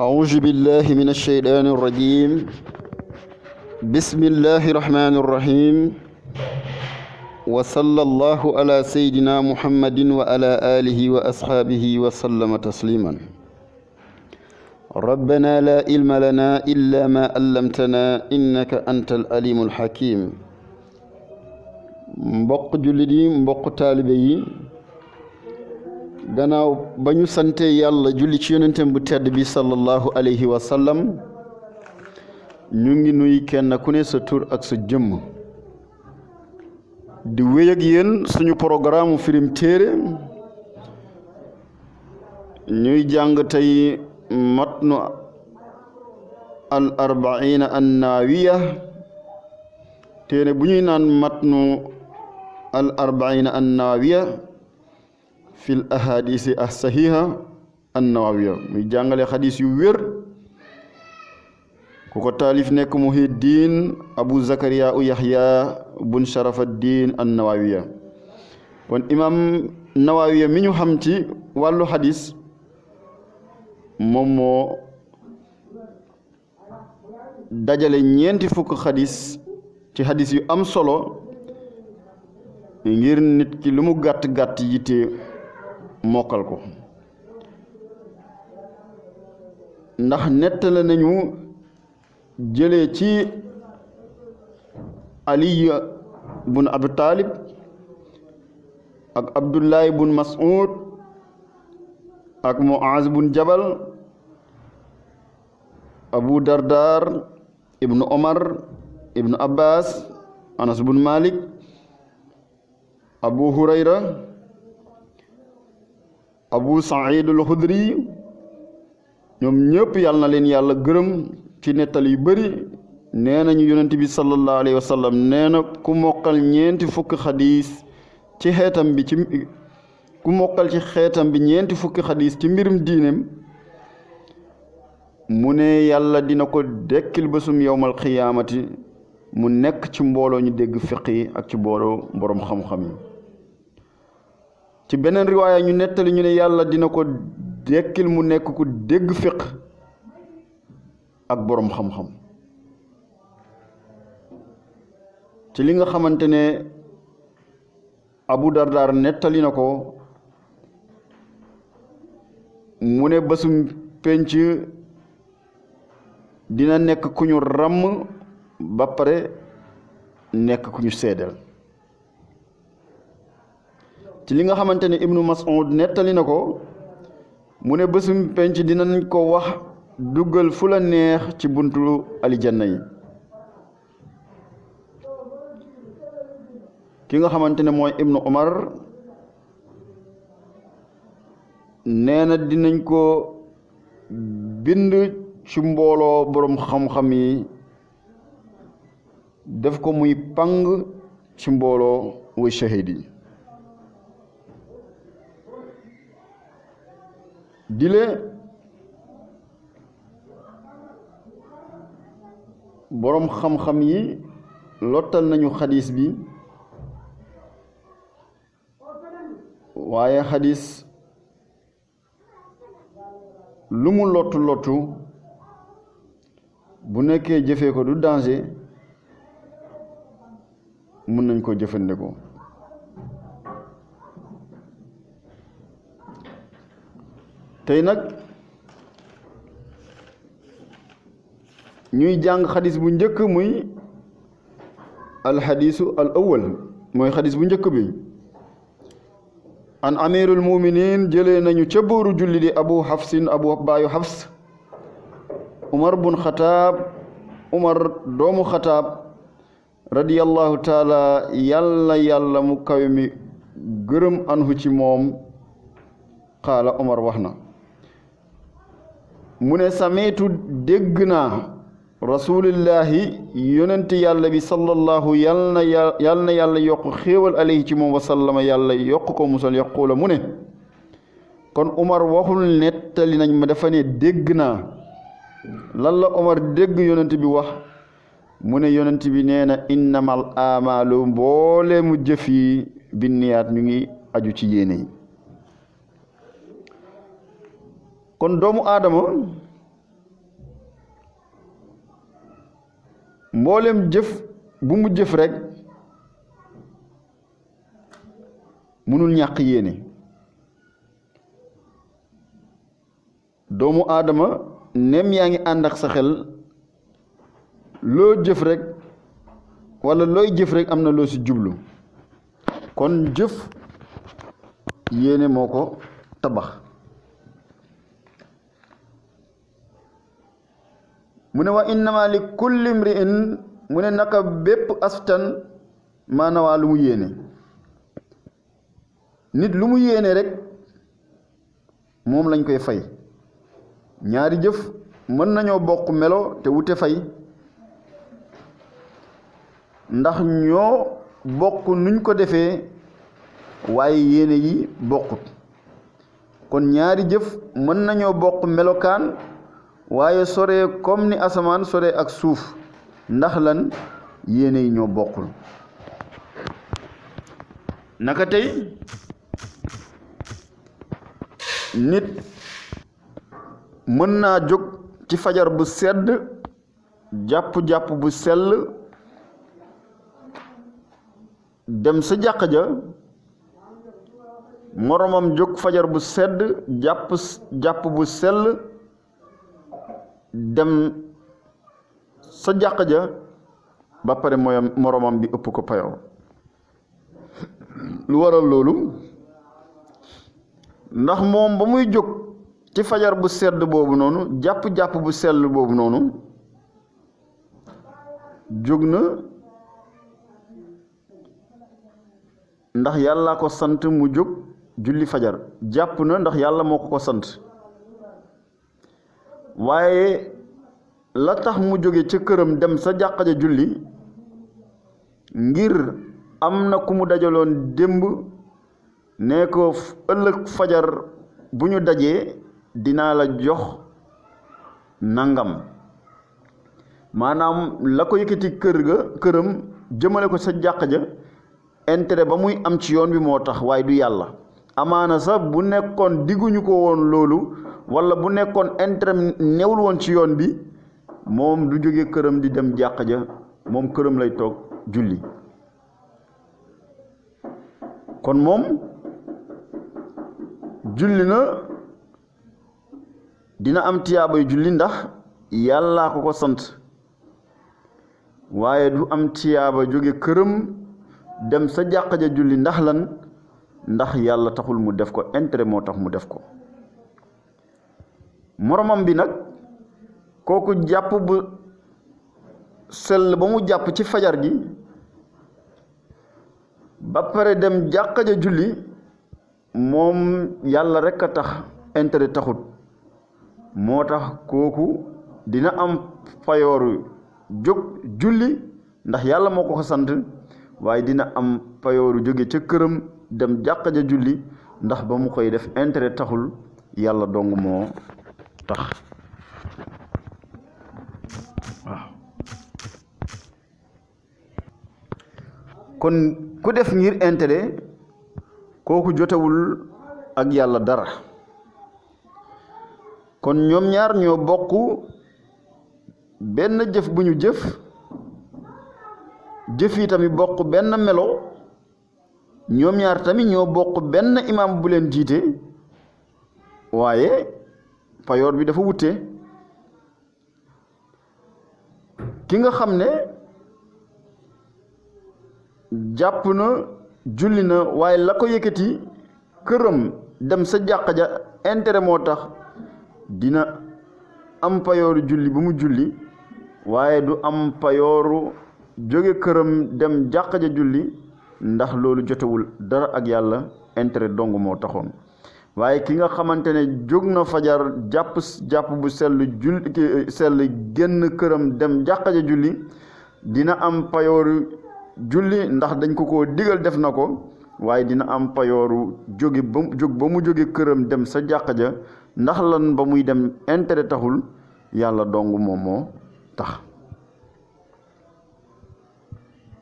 أعوذ بالله من الشيطان الرجيم بسم الله الرحمن الرحيم وصلى الله على سيدنا محمد وعلى آله وأصحابه وسلم تسليما ربنا لا علم لنا إلا ما علمتنا إنك أنت العليم الحكيم mbokk jullit yi mbokk taalibe yi gannaaw bañu ñu sante yàlla julli ci yonentam bu tedd bi sallallahu alayhi wa ñu ngi nuy kenn ku ne sa tur ak sa jëmm di wéy ak suñu programme firim téere ñuy jàng tey matnu al arbaina annaawiya téere bu ñuy naan matnu al arbaina annaawiya fil ahadisi as sahiha annawawiya muy jàngale xadis yu wér ku ko taalif nekk muhiddin abu zakariya u yaxya bun sharafa diin annawawiya kon imam nawawiya mi ñu xam ci wàllu xadis moom moo dajale ñeenti fukk xadis ci xadis yu am solo ngir nit ki lu mu gàtt gàtt yitte mokkal ko ndax nettali nañu jële ci aliya bun abi taalib ak abdullahi bun mas'ud ak muaz bun jabal abu dardaar ibnu omar ibnu abbas anas bun malik abu hurayra abu saïd al xudri ñoom ñëpp yàlla na leen yàlla gërëm ci nettal yu bëri nee nañu yonent bi sallallahu alayhi wa sallam nee na ku mokkal ñeenti fukki xadiis ci xeetam bi ci ku mokkal ci xeetam bi ñeenti fukki xadiis ci mbirum diineem mu ne yàlla dina ko dekkil bésum yowmal xiyaamati mu nekk ci mbooloo ñu dégg fiq yi ak ci booloo boroom xam-xam yi ci beneen riwaaya ñu nettali ñu ne yàlla dina ko dekkil mu nekk ko dégg fiq ak boroom xam-xam ci li nga xamante ne abu dardaar nettali na ko mu ne bésum penc dina nekk ku ñu ràmm ba pare nekk ku ñu seedeel ci li nga xamante ne ibnu mas'ud nettali na ko mu ne bésum penc dinañ ko wax duggal fu la neex ci buntu alijanna yi ki nga xamante ne mooy ibnu umar nee na dinañ ko bind ci mbooloo boroom xam-xam yi def ko muy pang ci mbooloo way shahid dile boroom xam-xam yi lottal nañu xaliis bi waaye xaliis lu mu lottu lottu bu nekkee jëfee ko du danger mën nañ ko jëfandikoo tey nag ñuy jàng xadis bu njëkk muy alxadisu al awal mooy xadis bu njëkk bi an amirul muminin jëlee nañu ca bóoru julli di abu xafsin abu baayu xafs umar bun xataab umar doomu xataab radiyallahu taala yàlla yàlla mu kawe mi gërëm anhu ci moom qaala umar wax na mu ne sameetu dégg naa rasulillahi yonent yàlla bi sallallahu yal na yal na yàlla yokk xéewal alayhi ci moom wasallama yàlla yokk ko musal yokkuula mu ne kon Umar waxul nettali nañ ma dafa ne dégg naa lan la Umar dégg yonent bi wax mu ne yonent bi nee na innamal amalu mboole mu jëf yi binniyaat ñu ngi aju ci yéene yi kon doomu aadama mboolem jëf bu mu jëf rekk mënul ñàkk yéene doomu aadama nem yaa ngi ànd ak sa xel loo jëf rekk walla looy jëf rek am na loo ci jublu kon jëf yéene moo ko tabax mu ne wa innama li kulli mri'in mu ne naka bépp astan maa nawaa lu mu yéene nit lu mu yéene rek moom lañ koy fay ñaari jëf mën nañoo bokk melo te wute fay ndax ñoo bokk nuñ ko defee waaye yéene yi bokkut kon ñaari jëf mën nañoo bokk melokaan waaye sore kom ni asamaan sore ak suuf ndax lan yéene yi ñoo bokkul naka tey nit mën naa jóg ci fajar bu sedd jàpp-jàpp bu sell dem sa jàq ja moroomam jóg fajar bu sedd jàpp jàpp bu sell dem sa jàq ja ba pare mooy moromam bi ëpp ko payoo lu waral loolu ndax moom ba muy jóg ci fajar bu sedd boobu noonu jàpp-jàpp bu sell boobu noonu jóg na ndax yàlla ko sant mu jóg julli fajar jàpp na ndax yàlla moo ko ko sant waaye la tax mu jóge ca këram dem sa jàkka ja julli ngir am na ku mu dajaloon démb ne ko ëllëg fajar bu ñu dajee dinaa la jox nangam maanaam la ko yëkkati kër ga këram jëmale ko sa jàkka ja intérêt ba muy am ci yoon wi moo tax waaye du yàlla amaana sax bu nekkoon digguñu ko woon loolu wala bu nekkoon intérêt newul woon ci yoon bi moom du jóge këram di dem jàq ja moom këram lay toog julli kon moom julli na dina am tiyaabay julli ndax yàllaa ko ko sant waaye du am tiyaaba jóge këram dem sa jàq ja julli ndax lan ndax yàlla taxul mu def ko intérêt moo tax mu def ko moromam bi nag kooku jàpp bu sell ba mu jàpp ci fajar gi ba pare dem jàkka julli moom yàlla rekk a tax intere taxut moo tax kooku dina am payooru jóg julli ndax yàlla moo ko ko sant waaye dina am payooru jóge ca këram dem jàkka julli ndax ba mu koy def intere taxul yàlla dong moo tax kon ku def ngir intérêt kooku jotewul ak yàlla dara kon ñoom ñaar ñoo bokk benn jëf bu ñu jëf jëf yi tamit bokk benn melo ñoom ñaar tamit ñoo bokk benn imam bu leen jiite waaye payoor bi dafa wute ki nga xam ne jàpp na julli na waaye la ko yëkkati këram dem sa jàq ja intérêt moo tax dina am payooru julli bu mu julli waaye du am payooru jóge këram dem jàq ja julli ndax loolu jotewul dara ak yàlla intérêt dong moo taxoon waaye ki nga xamante ne jóg na fajar jàpp jàpp bu sell jul sell génn këram dem jàkka ja julli dina am payooru julli ndax dañ ko ko digal def na ko waaye dina am payooru jóge ba ba mu jóge këram dem sa jàkka ja ndax lan ba muy dem intérêt taxul yàlla dong moom moo tax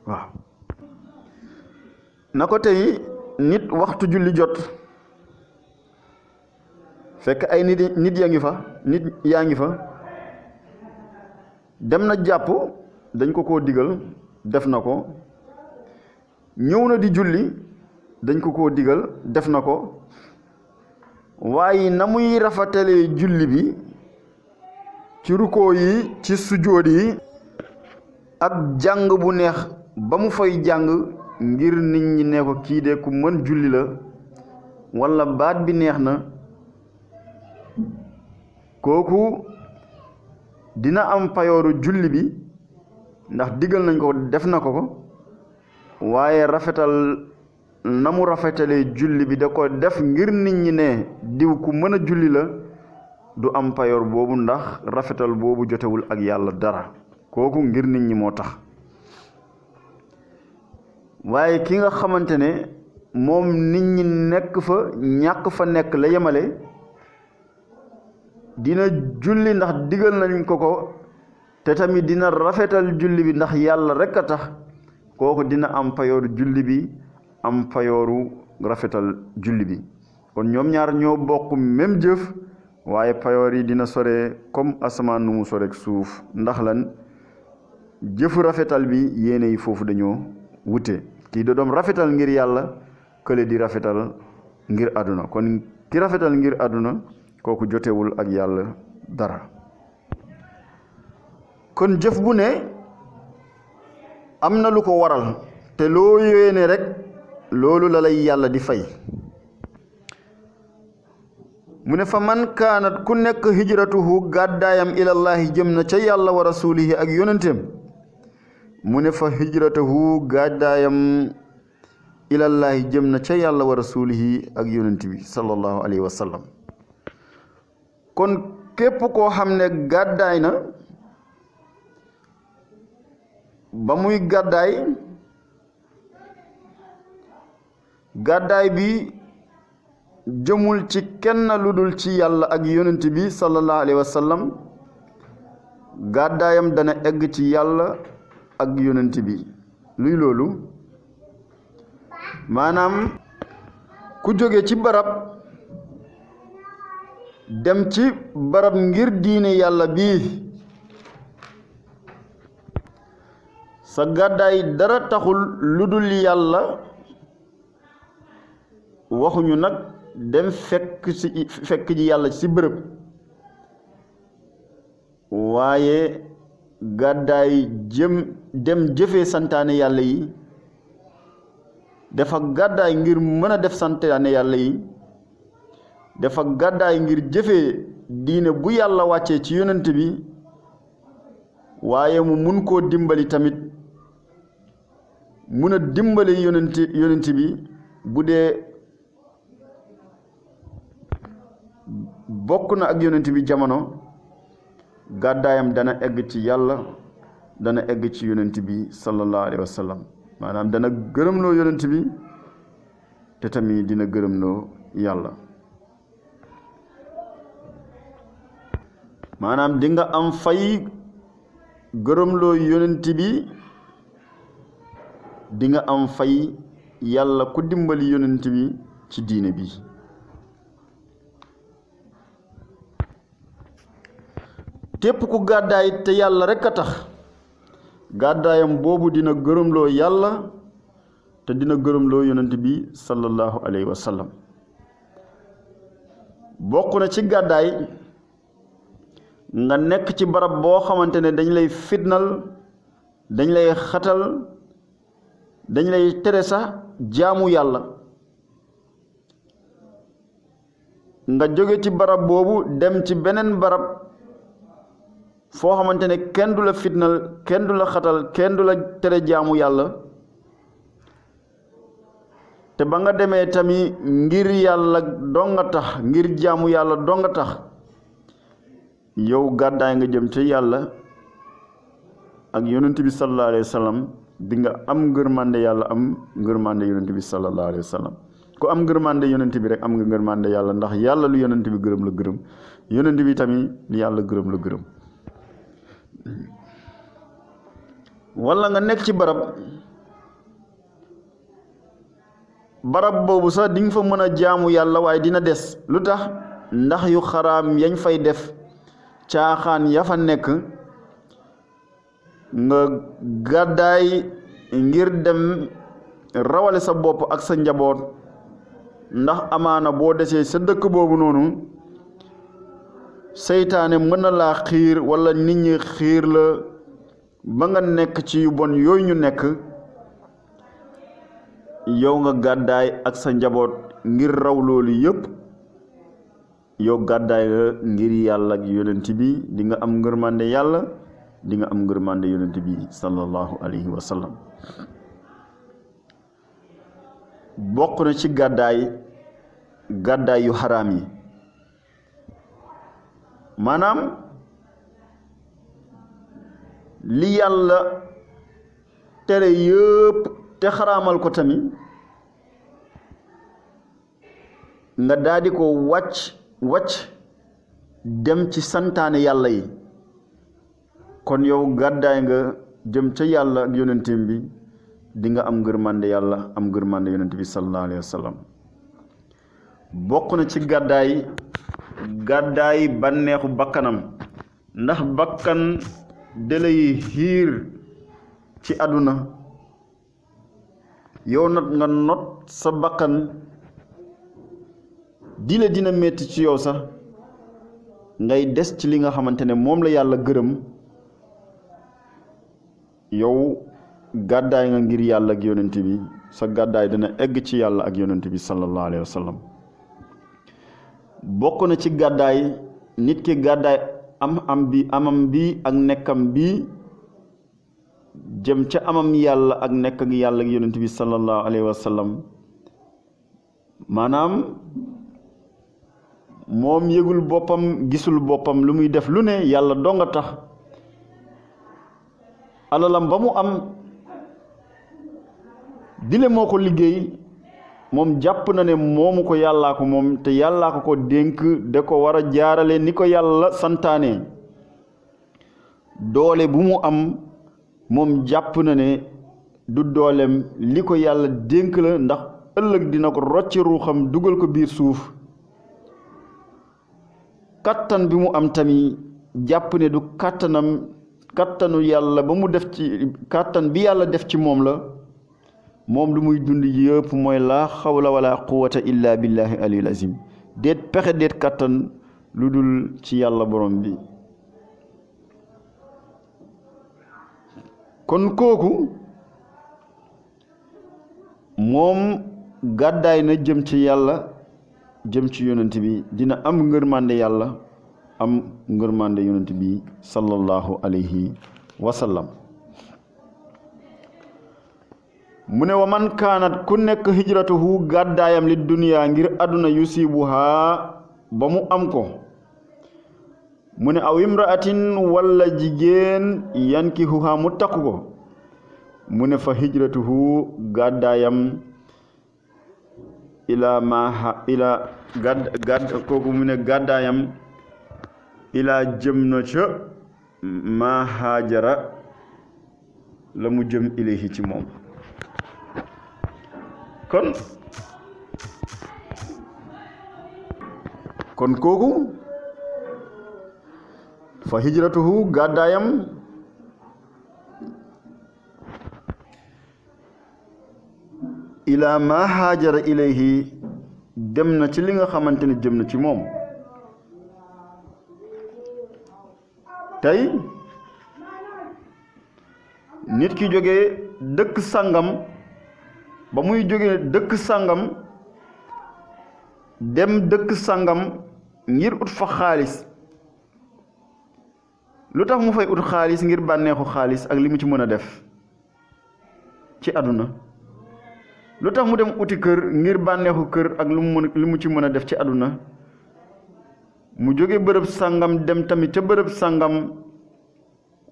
waaw na ko tey nit waxtu julli jot fekk ay nit nit yaa ngi fa nit yaa ngi fa dem na jàpp dañ ko ko digal def na ko ñëw na di julli dañ ko ko digal def na ko waaye na muy rafetalee julli bi ci rukkoo yi ci sujjóot yi ak jàng bu neex ba mu fay jàng ngir nit ñi ne ko kii de ku mën julli la walla baat bi neex na kooku dina am payooru julli bi ndax diggal nañ ko def na ko ko waaye rafetal na mu rafetalee julli bi da ko def ngir nit ñi ne diw ku mën a julli la du am payoor boobu ndax rafetal boobu jotewul ak yàlla dara kooku ngir nit ñi moo tax waaye ki nga xamante ne moom nit ñi nekk fa ñàkk fa nekk la yemale dina julli ndax digal nañ ko ko te tamit dina rafetal julli bi ndax yàlla rekk a tax kooku dina am payooru julli bi am payooru rafetal julli bi kon ñoom ñaar ñoo bokk même jëf waaye payoor yi dina sore comme asamaan nu mu soreek suuf ndax lan jëfu rafetal bi yéene yi foofu dañoo wute kii da doom rafetal ngir yàlla kële di rafetal ngir àdduna kon ki rafetal ngir àdduna kooku jotewul ak yàlla dara kon jëf bu ne am na lu ko waral te loo yéene rek loolu la lay yàlla di fay mu ne fa man kaanat ku nekk hijratuhu gàddaayam ilallaahi jëm na ca yàlla wa rasulihi ak yonenteem mu ne fa hijratuhu gàddaayam ilallaahi jëm na ca yàlla wa rasulihi ak yonent bi sallallahu alayhi wa kon képp koo xam ne gàddaay na ba muy gàddaay gàddaay bi jëmul ci kenn lu dul ci yàlla ak yonant bi sallallahu alayhi wa gàddaayam dana egg ci yàlla ak yonant bi luy loolu maanaam ku jóge ci barab dem ci barab ngir diine yàlla bii sa gàddaay dara taxul lu dul yàlla waxuñu nag dem fekk ci fekk ji yàlla ci bërëb waaye gàddaay jëm dem jëfee santaane yàlla yi dafa gàddaay ngir mën a def santaane yàlla yi dafa gàddaay ngir jëfe diine bu yàlla wàccee ci yonent bi waaye mu mun koo dimbali tamit mun a dimbali yonent yonent bi bu dee bokk na ak yonent bi jamono gàddaayam dana egg ci yàlla dana egg ci yonent bi sallallahu alayhi wa sallam maanaam dana gërëmloo yonent bi te tamit dina gërëmloo yàlla maanaam di nga am fay gërëmloo yonent bi dinga am fay yàlla ku dimbali yonent bi ci diine bi képp ku gàddaay te yàlla rekk a tax gàddaayam boobu dina gërëmloo yàlla te dina gërëmloo yonent bi sallallahu alayhi wa bokk na ci gàddaay nga nekk ci barab boo xamante ne dañ lay fitnal dañ lay xatal dañ lay tere sax jaamu yàlla nga jóge ci barab boobu dem ci beneen barab foo xamante ne kenn du la fitnal kenn du la xatal kenn du la tere jaamu yàlla te ba nga demee tamit ngir yàlla donga tax ngir jaamu yàlla donga tax yow gàddaay nga jëm ca yàlla ak yonent bi sallallahu alayhi wa sallam di nga am ngërmande yàlla am ngërmande yonent bi sallallahu alayhi wa ku am ngërmande yonent bi rek am nga ngërmande yàlla ndax yàlla lu yonent bi gërëm la gërëm yonent bi tamit lu yàlla gërëm la gërëm walla nga nekk ci barab barab boobu sax dinga fa mën a jaamu yàlla waaye dina des lu tax ndax yu xaraam yañ fay def caaxaan yafa nekk nga gàddaay ngir dem rawale sa bopp ak sa njaboot ndax amaana boo desee sa dëkk boobu noonu seytaane mën na laa xiir walla nit ñi xiir la ba nga nekk ci yu bon yooyu ñu nekk yow nga gàddaay ak sa njaboot ngir raw loolu yëpp yow gàddaay nga ngir yàlla ak yonent bi di nga am ngërmande yàlla di nga am ngërmande yonent bi sallallahu alayhi wa sallam bokk na ci gàddaay gàddaay yu xaraam yi maanaam li yàlla tere yëpp te xaraamal ko tamit nga daal ko wàcc wacc dem ci santaane yàlla yi kon yow gàddaay nga jëm ca yàlla ak yonenteem bi dinga nga am ngërmande yàlla am ngërmande yonent bi sallallahu alayhi wa bokk na ci gàddaay gàddaay bànneexu bakkanam ndax bakkan dalay xiir ci àdduna yow nag nga not sa bakkan di dina métti ci yow sax ngay des ci li nga xamante ne moom la yàlla gërëm yow gàddaay nga ngir yàlla ak yonent bi sa gàddaay dina egg ci yàlla ak yonent bi sallallahu alayhi wa sallam bokk na ci gàddaay nit ki gàddaay am am bi amam bi ak nekkam bi jëm ca amam yàlla ak nekk yàlla ak yonent bi sallallahu alayhi wa maanaam moom yëgul boppam gisul boppam lu muy def lu ne yàlla donga tax alalam ba mu am dile moo ko liggéey moom jàpp na ne moomu ko yàllaa ko moom te yàllaa ko ko dénk da ko war a jaarale ni ko yàlla santaane doole bu mu am moom jàpp na ne du dooleem li ko yàlla dénk la ndax ëllëg dina ko rocci ruuxam dugal ko biir suuf kattan bi mu am tamit jàpp ne du kattanam kattanu yàlla ba mu def ci kattan bi yàlla def ci moom la moom lu muy dund yëpp mooy laa xawla wala quwata illa billahi aliyul azim déet pexe déet kattan lu dul ci yàlla borom bi kon kooku moom gàddaay na jëm ci yàlla jëm ci yonent bi dina am ngërmande yàlla am ngërmande yonent bi sallallahu alayhi wa sallam mu ne wa man kaanat ku nekk hijratuhu gàddaayam li duniyaa ngir àdduna yusibuhaa ba mu am ko mu ne aw imraatin walla jigéen yankihuhaa mu takku ko mu ne fa hijratuhu gàddaayam ilaa ma ilaa kooku mu ne gàddaayam ilaa jëm na ca maa la mu jëm ilayhi ci moom kon kon kooku fa hijratuhu gàddaayam ilaa maa haajara ilayhi dem na ci li nga xamante ni jëm na ci moom tey nit ki jógee dëkk sàngam ba muy jóge dëkk sàngam dem dëkk sàngam ngir ut fa xaalis lu tax mu fay ut xaalis ngir bànneexu xaalis ak li mu ci mën a def ci àdduna lu tax mu dem uti kër ngir bànneexu kër ak lu mu mën li mu ci mën a def ci àdduna mu jóge bërëb sàngam dem tamit ca bërëb sàngam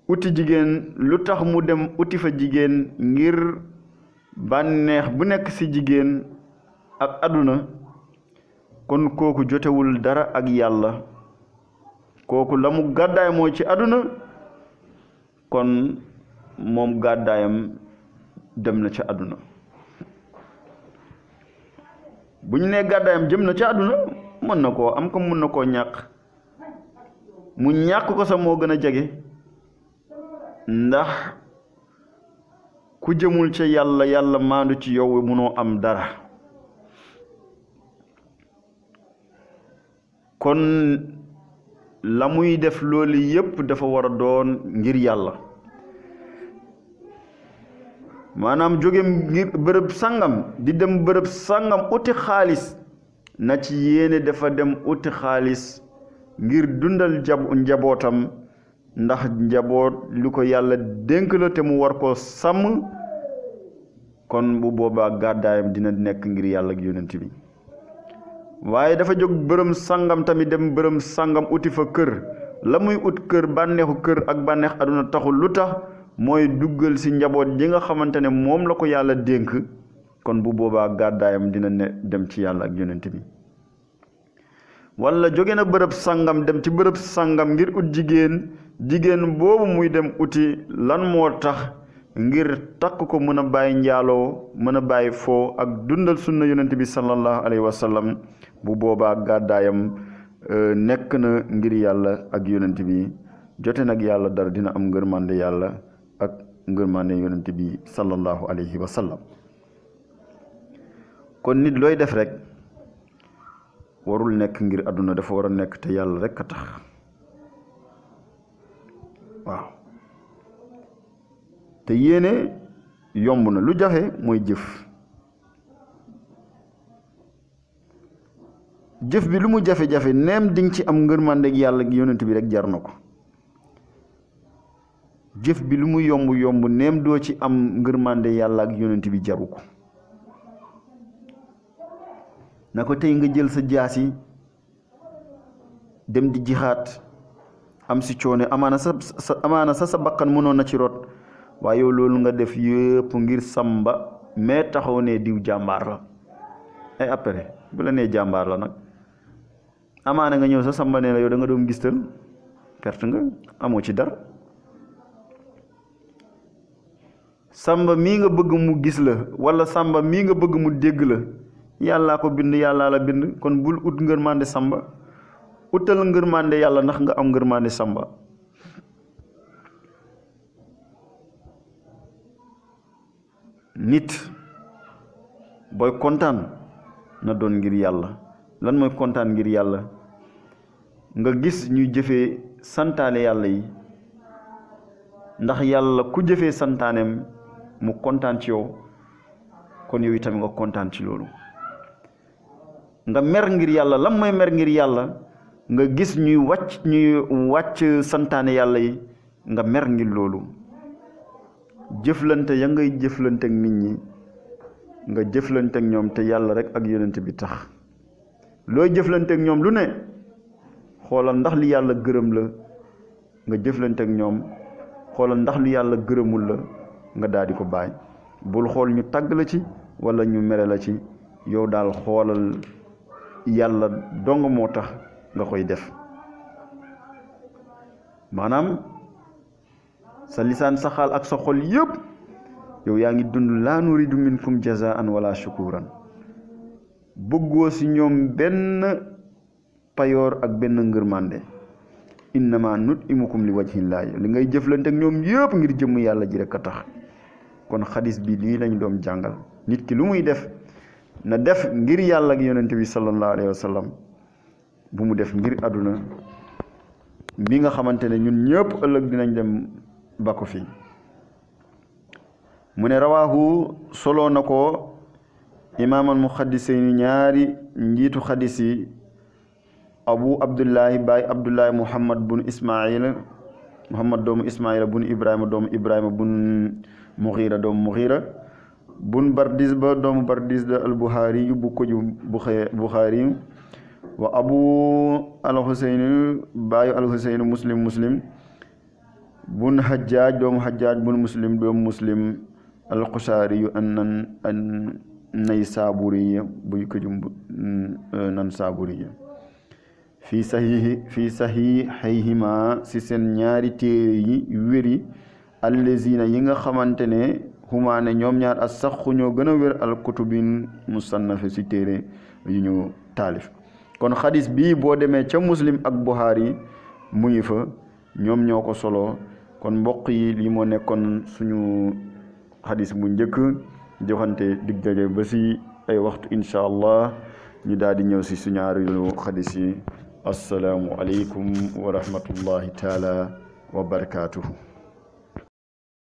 uti jigéen lu tax mu dem uti fa jigéen ngir bànneex bu nekk ci jigéen ak àdduna kon kooku jotewul dara ak yàlla kooku lamu mu ci àdduna kon moom gàddaayam dem na ca àdduna bu ñu nee gàddaayam jëm na ci àdduna mën na koo am ko mën na koo ñàkk mu ñàkk ko sax moo gën a jege ndax ku jëmul ca yàlla yàlla maandu ci yow munoo am dara kon la muy def loolu yépp dafa war a doon ngir yàlla maanaam jóge ngir bërëb sàngam di dem bërëb sàngam uti xaalis na ci yéene dafa dem uti xaalis ngir dundal jab njabootam ndax njaboot lu ko yàlla dénk la te mu war koo sàmm kon bu boobaa gàddaayam dina nekk ngir yàlla ak yonent bi waaye dafa jóg bërëm sangam tamit dem bërëm sangam uti fa kër la muy ut kër bànneexu kër ak bànneex aduna taxul lu tax mooy duggal si njaboot ji nga xamante ne moom la ko yàlla dénk kon bu boobaa gàddaayam dina ne dem ci yàlla ak yonent bi wala jóge na bërëb sangam dem ci bërëb sangam ngir ut jigéen jigéen boobu muy dem uti lan moo tax ngir takk ko mën a bàyyi njaaloo mën a bàyyi foo ak dundal sunna yonent bi sallallahu alayhi wa sallam bu boobaa gàddaayam euh, nekk na ngir yàlla ak yonent bi jote nag yàlla dara dina am ngërmande yàlla ak ngërmaane yonent bi sallallahu alayhi wa sallam kon nit looy def rek warul nekk ngir àdduna dafa war a nekk te yàlla rekk a tax waaw te yéene yomb na lu jafe mooy jëf jëf bi lu mu jafe-jafe neem dinga ci am ngërmande ak yàlla ak yonent bi rek jar na ko jëf bi lu mu yomb yomb nem doo ci am ngërmande yàlla ak yonent bi jaru ko na ko tey nga jël sa jaasi dem di jixaat am si coone amaana sa sa amaana bakkan mënoon na ci rot waaye yow loolu nga def yëpp ngir samba mais taxaw ne diw jàmbaar la ay e, après bu la nee jàmbaar la nag amaana nga ñëw sa samba ne la yow da nga doon gistal perte nga amoo ci dara sàmba mii nga bëgg mu gis la wala sàmba mii nga bëgg mu dégg la yàllaa ko bind yàllaa la bind kon bul ut ngërmande sàmba utal ngërmande yàlla ndax nga am ngërmande sàmba nit booy kontaan na doon ngir yàlla lan mooy kontaan ngir yàlla nga gis ñuy jëfe santaane yàlla yi ndax yàlla ku jëfee santaaneem mu kontaan ci yow kon yow itam nga kontaan ci loolu nga mer ngir yàlla lan mooy mer ngir yàlla nga gis ñuy wàcc ñuy wàcc santaane yàlla yi nga mer ngir loolu jëflante ya ngay jëflante nit ñi nga jëflante ñoom te yàlla rek ak yonent bi tax looy jëflante ak ñoom lu ne xoolal ndax li yàlla gërëm la nga jëflante ak ñoom xoolal ndax li yàlla gërëmul la nga daal di ko bàyyi bul xool ñu tàgg la ci wala ñu mere la ci yow daal xoolal yàlla dong moo tax nga koy def maanaam sa lisaan sa xaal ak sa xol yëpp yow yaa ngi dund laa nuridu minkum jazaan wala shukuran bëggoo si ñoom benn payoor ak benn ngërmande innama nut imukum li wajhillaahi li ngay jëflante ak ñoom yëpp ngir jëmm yàlla ji rek a tax kon xadis bii lii lañ doom jàngal nit ki lu muy def na def ngir yàlla ak yonent bi sallallahu alayhi bu mu def ngir àdduna mi nga xamante ne ñun ñëpp ëllëg dinañ dem ba ko fii mu ne rawaahu soloo na ko imaamal muxaddisayni ñaari njiitu xadis yi abu abdullahi baay abdullahi muhammad bunu ismaila muhammad doomu ismaila bunu ibrahima doomu ibrahima bun muxiira doomu muxiira bun bardis ba doomu bardis da al buxaari yu bu koju buxaari wa abu al xuseyni baayu al xuseyni muslim muslim bun xajaaj doomu xajaaj bun muslim doomu muslim al xusaari an nan nay saaburi buy koju euh, nan saaburi fi saxiixi fi saxiixayhima si seen ñaari téere yi wéri allazina yi nga xamante ne xumaane ñoom ñaar as saxu ñoo gën a wér al kutubin musannafe si téere yu ñu taalif kon xadis bii boo demee ca muslim ak buxaari mu ngi fa ñoom ñoo ko solo kon mbokk yi lii moo nekkoon suñu xadis bu njëkk joxante dig daje ba si ay waxtu incha allah ñu daal di ñëw si suñu ñaareelu xadis yi assalaamu aleykum wa rahmatullahi taala wa barakaatuhu